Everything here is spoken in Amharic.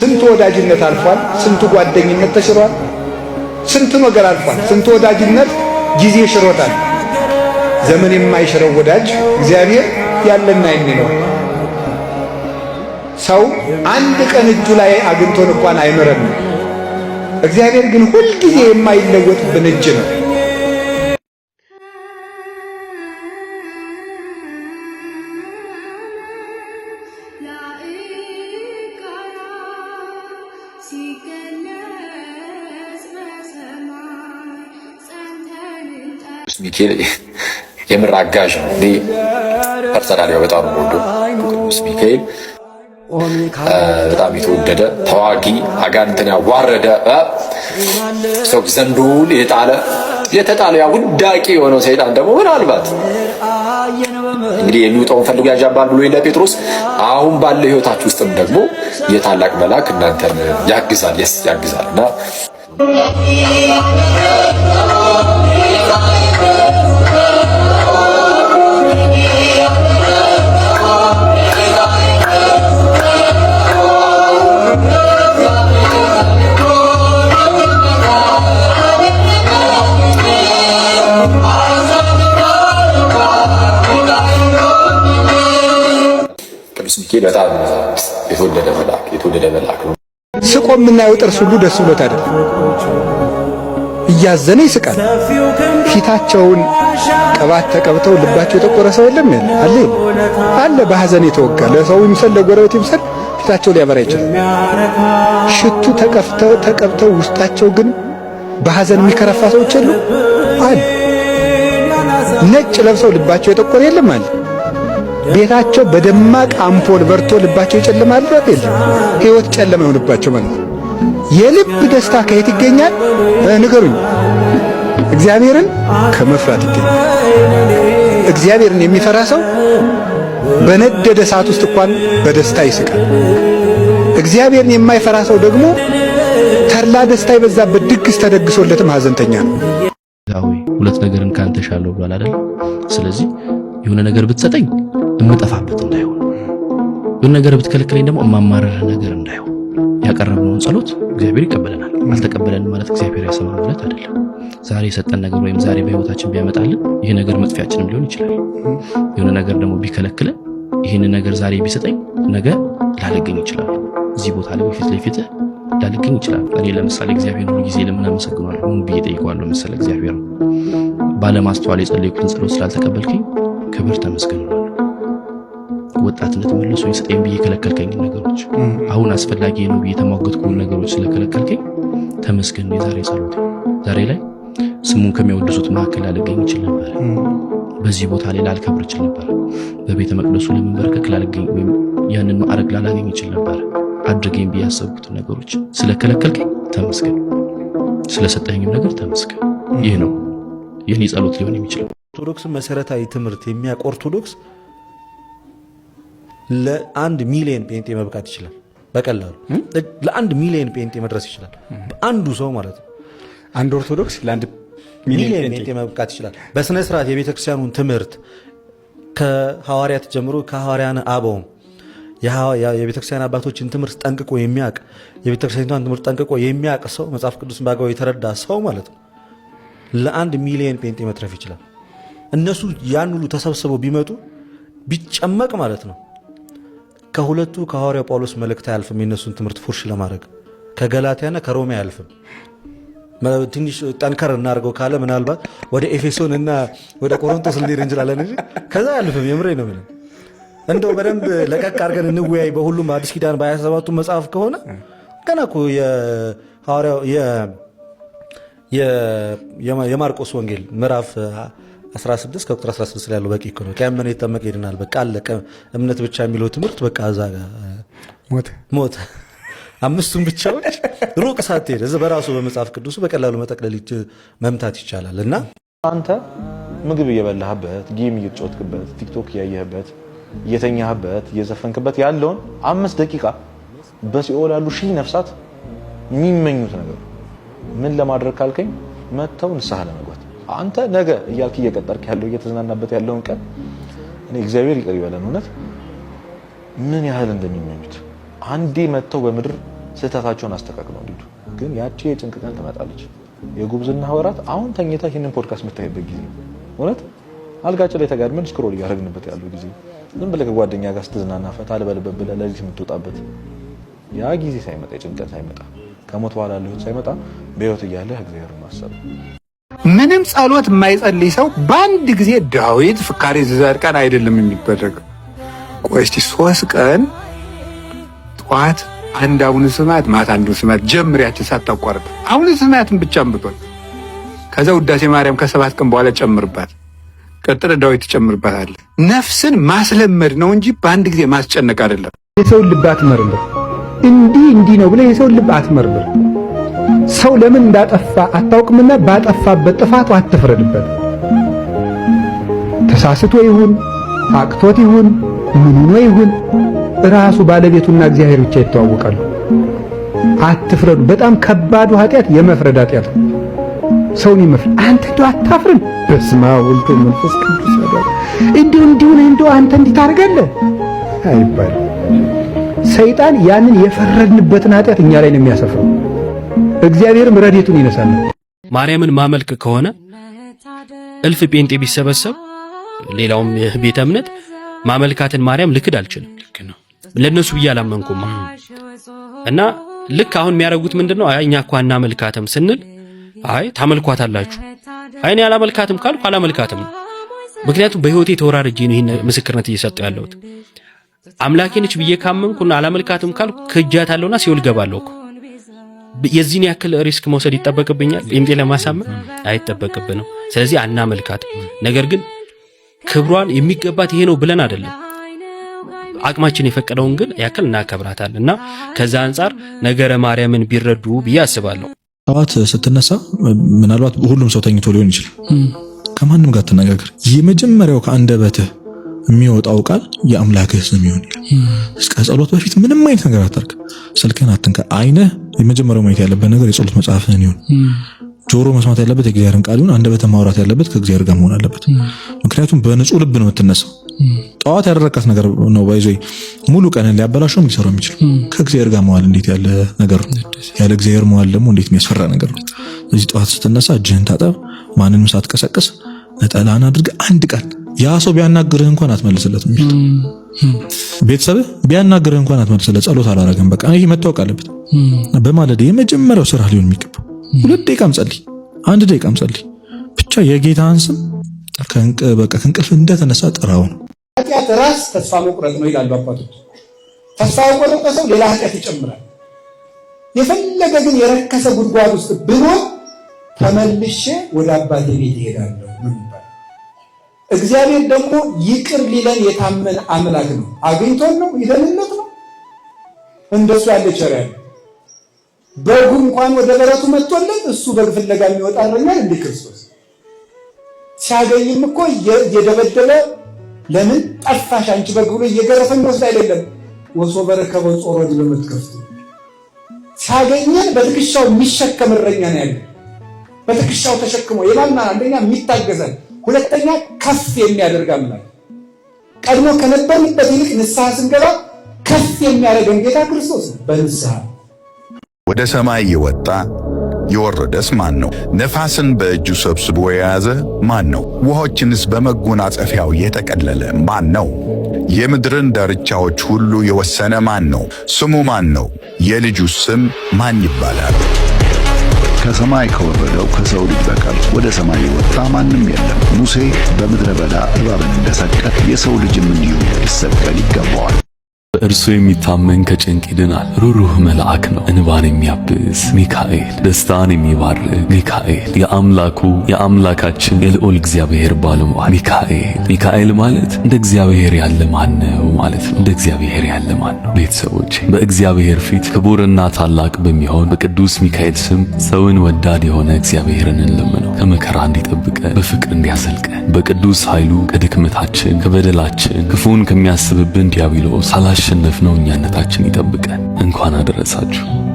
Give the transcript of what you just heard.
ስንት ወዳጅነት አልፏል፣ ስንት ጓደኝነት ተሽሯል፣ ስንት ነገር አልፏል፣ ስንት ወዳጅነት ጊዜ ሽሮታል። ዘመን የማይሽረው ወዳጅ እግዚአብሔር ያለና የሚኖር ሰው አንድ ቀን እጁ ላይ አግኝቶን እንኳን አይምረንም። እግዚአብሔር ግን ሁልጊዜ የማይለወጥብን እጅ ነው። ሚኬል የምር አጋዥ ነው። እኔ ፐርሰናል በጣም ወዶ ቅዱስ ሚካኤል በጣም የተወደደ ተዋጊ፣ አጋንንትን ያዋረደ፣ ሰው ዘንዶውን የጣለ የተጣለ ያ ውዳቂ የሆነው ሰይጣን ደግሞ ምናልባት እንግዲህ የሚውጠውን ፈልጎ ያዣባል ብሎ ጴጥሮስ። አሁን ባለ ሕይወታችሁ ውስጥም ደግሞ የታላቅ መልአክ እናንተን ያግዛል። የስ ያግዛል እና የተወደደ መልአክ የተወደደ መልአክ ነው። ስቆ የምናየው ጥርስ ሁሉ ደስ ብሎት አይደለም፣ እያዘነ ይስቃል። ፊታቸውን ቅባት ተቀብተው ልባቸው የጠቆረ ሰው የለም ያለ አለ አለ። በሐዘን የተወጋ ለሰው ይምሰል ለጎረቤት ይምሰል ፊታቸው ሊያበራ ይችላል። ሽቱ ተቀፍተው ተቀብተው ውስጣቸው ግን በሐዘን የሚከረፋ ሰዎች የሉ አለ። ነጭ ለብሰው ልባቸው የጠቆረ የለም አለ ቤታቸው በደማቅ አምፖል በርቶ ልባቸው ይጨልማል ማለት የለም። ህይወት ጨለማ ይሆንባቸው ማለት ነው። የልብ ደስታ ከየት ይገኛል? ንገሩኝ። እግዚአብሔርን ከመፍራት ይገኛል። እግዚአብሔርን የሚፈራ ሰው በነደደ ሰዓት ውስጥ እንኳን በደስታ ይስቃል። እግዚአብሔርን የማይፈራ ሰው ደግሞ ተድላ ደስታ የበዛበት ድግስ ተደግሶለትም ሀዘንተኛ ነው። ሁለት ነገርን ካንተ ሻለው ብሏል አይደል? ስለዚህ የሆነ ነገር ብትሰጠኝ የምጠፋበት እንዳይሆን የሆነ ነገር ብትከለክለኝ ደግሞ የማማረር ነገር እንዳይሆን ያቀረብነውን ጸሎት እግዚአብሔር ይቀበለናል። አልተቀበለን ማለት እግዚአብሔር ያሰማ ማለት አይደለም። ዛሬ የሰጠን ነገር ወይም ዛሬ በህይወታችን ቢያመጣልን ይህ ነገር መጥፊያችንም ሊሆን ይችላል። የሆነ ነገር ደግሞ ቢከለክለን ይህን ነገር ዛሬ ቢሰጠኝ ነገ ላለገኝ ይችላል። እዚህ ቦታ ላይ ፊት ለፊት ላልገኝ ይችላል። እኔ ለምሳሌ እግዚአብሔር ሁሉ ጊዜ ለምን አመሰግናለሁ ብዬ ጠይቀዋለሁ መሰለ እግዚአብሔር ባለማስተዋል የጸለይኩትን ጸሎት ስላልተቀበልክኝ ክብር ተመስገን ወጣትነት መልሶ የሰጠኝ ብዬ የከለከልከኝ ነገሮች አሁን አስፈላጊ ነው ብዬ የተሟገትኩን ነገሮች ስለከለከልከኝ ተመስገን። የዛሬ ጸሎት ዛሬ ላይ ስሙን ከሚያወድሱት መካከል ላልገኝ ይችል ነበር። በዚህ ቦታ ላይ ላልከብር ይችል ነበር። በቤተ መቅደሱ ለመንበርከክ ላልገኝ ወይም ያንን ማዕረግ ላላገኝ ይችል ነበር። አድርገኝ ብዬ ያሰብኩትን ነገሮች ስለከለከልከኝ ተመስገን፣ ስለሰጠኝም ነገር ተመስገን። ይህ ነው የኔ ጸሎት ሊሆን የሚችለው ኦርቶዶክስ መሰረታዊ ትምህርት የሚያውቅ ኦርቶዶክስ ለአንድ ሚሊዮን ጴንጤ መብቃት ይችላል። በቀላሉ ለአንድ ሚሊዮን ጴንጤ መድረስ ይችላል። አንዱ ሰው ማለት ነው። አንድ ኦርቶዶክስ ለአንድ ሚሊዮን ጴንጤ መብቃት ይችላል። በስነ ስርዓት የቤተክርስቲያኑን ትምህርት ከሐዋርያት ጀምሮ ከሐዋርያን አበውም የቤተክርስቲያን አባቶችን ትምህርት ጠንቅቆ የሚያውቅ የቤተክርስቲያኒቷን ትምህርት ጠንቅቆ የሚያውቅ ሰው መጽሐፍ ቅዱስን በአግባቡ የተረዳ ሰው ማለት ነው ለአንድ ሚሊዮን ጴንጤ መትረፍ ይችላል። እነሱ ያን ሁሉ ተሰብስበው ቢመጡ ቢጨመቅ ማለት ነው ከሁለቱ ከሐዋርያው ጳውሎስ መልእክት አያልፍም። የነሱን ትምህርት ፉርሽ ለማድረግ ከገላትያና ከሮሜ አያልፍም። ትንሽ ጠንከር እናደርገው ካለ ምናልባት ወደ ኤፌሶን እና ወደ ቆሮንቶስ ልንሄድ እንችላለን እ ከዛ አያልፍም። የምሬ ነው ምንም እንደው በደንብ ለቀቅ አድርገን እንወያይ። በሁሉም አዲስ ኪዳን በሀያ ሰባቱ መጽሐፍ ከሆነ ገና የማርቆስ ወንጌል ምዕራፍ 16 ከቁጥር 16 ላይ ያለው በቂ ነው። ያመነ የተጠመቀ ይድናል። በቃ አለቀ። እምነት ብቻ የሚለው ትምህርት በቃ እዛ ሞት ሞት አምስቱን ብቻዎች ሩቅ ሳትሄድ እዚህ በራሱ በመጽሐፍ ቅዱሱ በቀላሉ መጠቅለል መምታት ይቻላል። እና አንተ ምግብ እየበላህበት፣ ጌም እየተጫወትክበት፣ ቲክቶክ እያየህበት፣ እየተኛህበት፣ እየዘፈንክበት ያለውን አምስት ደቂቃ በሲኦል ያሉ ሺህ ነፍሳት የሚመኙት ነገር ምን ለማድረግ ካልከኝ መጥተው ንስሐ ለመ አንተ ነገ እያልክ እየቀጠርክ ያለው እየተዝናናበት ያለውን ቀን እኔ እግዚአብሔር ይቅር ይበለን እውነት ምን ያህል እንደሚመኙት አንዴ መጥተው በምድር ስህተታቸውን አስተካክለው እንዲዱ። ግን ያቺ የጭንቅ ቀን ትመጣለች። የጉብዝና ወራት አሁን ተኝታ ይህንን ፖድካስት የምታይበት ጊዜ እውነት አልጋጭ ላይ ተጋድመን ስክሮል እያደረግንበት ያለው ጊዜ ዝም ብለህ ከጓደኛ ጋር ስትዝናና ፈታ ልበልበት ብለህ ለዚህ የምትወጣበት ያ ጊዜ ሳይመጣ የጭንቀት ሳይመጣ ከሞት በኋላ ሳይመጣ በህይወት እያለህ እግዚአብሔር ማሰብ ምንም ጸሎት የማይጸልይ ሰው በአንድ ጊዜ ዳዊት ፍካሬ ዘጻድቃን አይደለም የሚደረገው። ቆስቲ ሶስት ቀን ጠዋት አንድ አቡነ ስማት ማታ አንዱ ስማት ጀምሪያችን ሳታቋርጥ አቡነ ስማትን ብቻ አንብቷል። ከዛ ውዳሴ ማርያም ከሰባት ቀን በኋላ ጨምርባት፣ ቀጥረ ዳዊት ትጨምርባታል። ነፍስን ማስለመድ ነው እንጂ በአንድ ጊዜ ማስጨነቅ አይደለም። የሰውን ልብ አትመርምር። እንዲህ እንዲህ ነው ብለህ የሰውን ልብ አትመርምር። ሰው ለምን እንዳጠፋ አታውቅምና ባጠፋበት ጥፋቱ አትፍረድበት። ተሳስቶ ይሁን አቅቶት ይሁን ምን ሆኖ ይሁን ራሱ ባለቤቱና እግዚአብሔር ብቻ ይተዋወቃሉ። አትፍረዱ። በጣም ከባዱ ኃጢአት የመፍረድ ኃጢአት ነው። ሰውን ይመፍረድ አንተ እንደው አታፍርም? በስመ አብ ወልድ መንፈስ ቅዱስ እንደው እንዲሁ እንደው አንተ እንዲህ ታደርጋለህ አይባልም። ሰይጣን ያንን የፈረድንበትን ኃጢአት እኛ ላይ ነው የሚያሰፍረው። እግዚአብሔርም ረድኤቱን ይነሳል። ማርያምን ማመልክ ከሆነ እልፍ ጴንጤ ቢሰበሰብ ሌላውም ቤተ እምነት ማመልካትን ማርያም ልክድ አልችልም። ልክ ነው። ለነሱ ብዬ አላመንኩም እና ልክ አሁን የሚያደርጉት ምንድነው? አይ እኛ እኮ አናመልካትም ስንል አይ ታመልኳታላችሁ። አይ እኔ አላመልካትም ካልኩ አላመልካትም ነው። ምክንያቱም በህይወቴ ተወራርጄ ነው ይሄን ምስክርነት እየሰጠው ያለሁት። አምላኬ ነች ብዬ ካመንኩና አላመልካትም ካልኩ ክጃታለሁና ሲኦል ገባለሁ እኮ የዚህን ያክል ሪስክ መውሰድ ይጠበቅብኛል? ጴንጤ ለማሳመን አይጠበቅብንም። ስለዚህ አናመልካት። ነገር ግን ክብሯን የሚገባት ይሄ ነው ብለን አይደለም አቅማችን የፈቀደውን ግን ያክል እናከብራታል እና ከዛ አንጻር ነገረ ማርያምን ቢረዱ ብዬ አስባለሁ። ጠዋት ስትነሳ ምናልባት ሁሉም ሰው ተኝቶ ሊሆን ይችላል። ከማንም ጋር ትነጋገር። የመጀመሪያው ከአንደበትህ የሚወጣው ቃል የአምላክህ ስም ይሁን ይላል። ጸሎት በፊት ምንም አይነት ነገር አታርግ፣ ስልክህን አትንካ። አይነህ የመጀመሪያው ማየት ያለበት ነገር የጸሎት መጽሐፍህን ይሁን። ጆሮ መስማት ያለበት የእግዚአብሔርን ቃል ይሁን። አንደበት ማውራት ያለበት ከእግዚአብሔር ጋር መሆን አለበት። ምክንያቱም በንጹህ ልብ ነው የምትነሳው። ጠዋት ያደረካት ነገር ነው ባይዘይ ሙሉ ቀንን ሊያበላሸው ሊሰራው የሚችል ከእግዚአብሔር ጋር መዋል እንዴት ያለ ነገር ነው። ያለ እግዚአብሔር መዋል ደግሞ እንዴት የሚያስፈራ ነገር ነው። እዚህ ጠዋት ስትነሳ እጅህን ታጠብ፣ ማንንም ሳትቀሰቅስ ነጠላን አድርገህ አንድ ቀን ያ ሰው ቢያናግርህ እንኳን አትመልስለትም። ቤተሰብህ ቢያናግርህ እንኳን አትመልስለት። ጸሎት አላረግም በቃ ይህ መታወቅ አለበት በማለት የመጀመሪያው ስራ ሊሆን የሚገባው ሁለት ደቂቃም ጸልይ፣ አንድ ደቂቃም ጸልይ። ብቻ የጌታን ስም ከእንቅልፍ እንደተነሳ ጥራው ነው። ኃጢአት ራስ ተስፋ መቁረጥ ነው ይላሉ አባቶች። ተስፋ መቁረጥ ሰው ሌላ ኃጢአት ይጨምራል። የፈለገ ግን የረከሰ ጉድጓድ ውስጥ ብሎ ተመልሼ ወደ አባቴ ቤት ይሄዳለሁ። እግዚአብሔር ደግሞ ይቅር ሊለን የታመን አምላክ ነው። አግኝቶን ነው ይደንነት ነው እንደሱ ያለ ቸር ያለ በጉ እንኳን ወደ በረቱ መጥቶለት እሱ በግ ፍለጋ የሚወጣ እረኛ እንደ ክርስቶስ ሲያገኝም እኮ እየደበደበ ለምን ጠፋሽ አንቺ በግ ብሎ እየገረፈ የሚወስድ አይደለም። ወሶ በረከበ ጾሮ ድበ ሲያገኘን በትከሻው የሚሸከም እረኛ ነው ያለ። በትከሻው ተሸክሞ የማና አንደኛ የሚታገዘን ሁለተኛ ከፍ የሚያደርግ አምላክ ቀድሞ ከነበርንበት ይልቅ ንስሐ ስንገባ ከፍ የሚያደርገን ጌታ ክርስቶስ በንስሐ ወደ ሰማይ የወጣ የወረደስ ማን ነው? ነፋስን በእጁ ሰብስቦ የያዘ ማን ነው? ውሃዎችንስ በመጎናጸፊያው የጠቀለለ ማን ነው? የምድርን ዳርቻዎች ሁሉ የወሰነ ማን ነው? ስሙ ማን ነው? የልጁ ስም ማን ይባላል? ከሰማይ ከወረደው ከሰው ልጅ በቀር ወደ ሰማይ የወጣ ማንም የለም። ሙሴ በምድረ በዳ እባብን እንደሰቀል የሰው ልጅም እንዲሁ ሊሰቀል ይገባዋል። በእርሱ የሚታመን ከጭንቅ ይድናል። ሩሩህ መልአክ ነው። እንባን የሚያብስ ሚካኤል፣ ደስታን የሚባርክ ሚካኤል፣ የአምላኩ የአምላካችን የልዑል እግዚአብሔር ባለሟል ሚካኤል። ሚካኤል ማለት እንደ እግዚአብሔር ያለ ማን ነው ማለት ነው። እንደ እግዚአብሔር ያለ ማን ነው? ቤተሰቦች በእግዚአብሔር ፊት ክቡርና ታላቅ በሚሆን በቅዱስ ሚካኤል ስም ሰውን ወዳድ የሆነ እግዚአብሔርን እንለምነው። ከመከራ እንዲጠብቀን በፍቅር እንዲያዘልቀን በቅዱስ ኃይሉ ከድክመታችን ከበደላችን ክፉን ከሚያስብብን ዲያብሎስ ያሸነፍነው እኛነታችን ይጠብቀን። እንኳን አደረሳችሁ።